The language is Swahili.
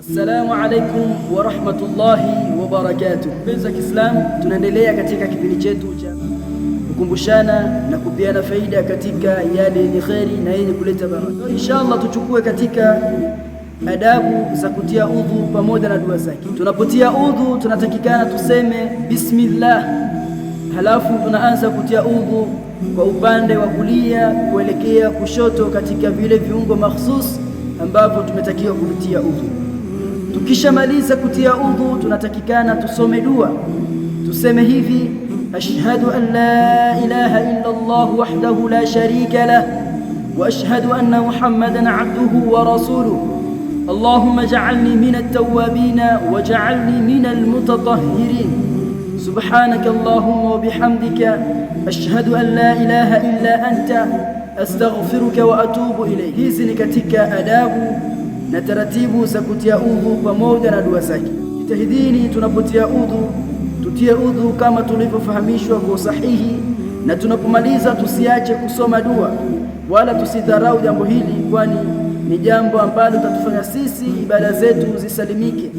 Assalamu alaikum warahmatullahi barakatuh. Mpenzi wa Kiislamu, tunaendelea katika kipindi chetu cha kukumbushana na kupeana faida katika yale yenye kheri na yenye kuleta baraka. Inshallah tuchukue katika adabu za kutia udhu pamoja na dua zake. Tunapotia udhu tunatakikana tuseme bismillah, halafu tunaanza kutia udhu kwa upande wa kulia kuelekea kushoto katika vile viungo mahsusi ambapo tumetakiwa kuvitia udhu. Tukishamaliza kutia udhu, tunatakikana tusome dua, tuseme hivi: ashhadu an la ilaha illa Allah wahdahu la sharika lah wa ashhadu anna Muhammadan abduhu wa rasuluhu Allahumma ja'alni minat tawwabina waj'alni minal mutatahhirin سبحانك اللهم وبحمدك أشهد أن لا إله إلا أنت astaghfiruka wa atubu ilayk. Hizi ni katika adabu na taratibu za kutia udhu pamoja na dua zake. Jitahidini tunapotia udhu tutie udhu kama tulivyofahamishwa kwa usahihi, na tunapomaliza tusiache kusoma dua wala tusidharau jambo hili, kwani ni jambo ambalo tatufanya sisi ibada zetu zisalimike.